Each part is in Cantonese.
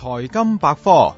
財金百科，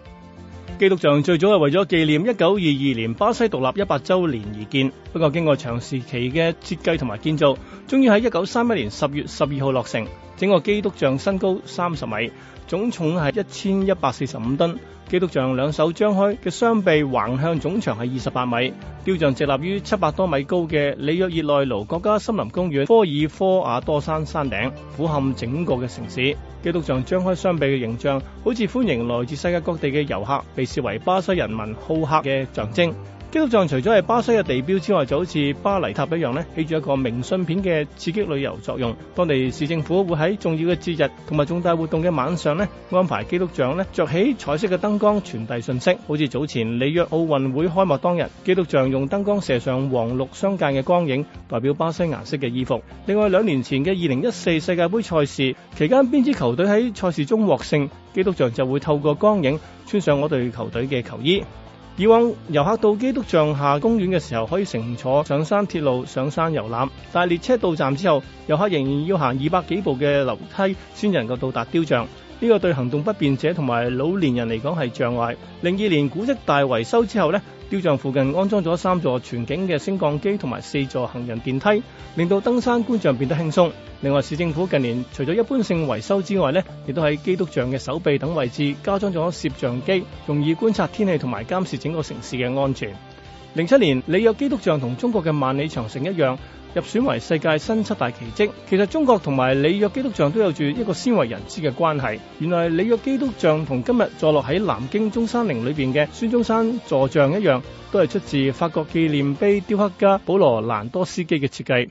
基督像最早係為咗紀念一九二二年巴西獨立一百周年而建，不過經過長時期嘅設計同埋建造，終於喺一九三一年十月十二號落成。整個基督像身高三十米，總重係一千一百四十五噸。基督像兩手張開嘅雙臂橫向總長係二十八米。雕像直立於七百多米高嘅里約熱內盧國家森林公園科爾科瓦多山山頂，俯瞰整個嘅城市。基督像張開雙臂嘅形象，好似歡迎來自世界各地嘅遊客，被視為巴西人民好客嘅象徵。基督像除咗係巴西嘅地標之外，就好似巴黎鐵塔一樣呢，起住一個明信片嘅刺激旅遊作用。當地市政府會喺重要嘅節日同埋重大活動嘅晚上呢，安排基督像呢着起彩色嘅燈光，傳遞訊息。好似早前里約奧運會開幕當日，基督像用燈光射上黃綠相間嘅光影，代表巴西顏色嘅衣服。另外兩年前嘅二零一四世界盃賽事期間，邊支球隊喺賽事中獲勝，基督像就會透過光影穿上我哋球隊嘅球衣。以往遊客到基督像下公園嘅時候，可以乘坐上山鐵路上山遊覽。但係列車到站之後，遊客仍然要行二百幾步嘅樓梯先能夠到達雕像。呢個對行動不便者同埋老年人嚟講係障礙。零二年古跡大維修之後咧，雕像附近安裝咗三座全景嘅升降機同埋四座行人電梯，令到登山觀像變得輕鬆。另外，市政府近年除咗一般性維修之外呢，亦都喺基督像嘅手臂等位置加裝咗攝像機，容易觀察天氣同埋監視整個城市嘅安全。零七年，里約基督像同中國嘅萬里長城一樣，入選為世界新七大奇蹟。其實中國同埋里約基督像都有住一個鮮為人知嘅關係。原來里約基督像同今日坐落喺南京中山陵裏邊嘅孫中山坐像一樣，都係出自法國紀念碑雕刻家保羅蘭多斯基嘅設計。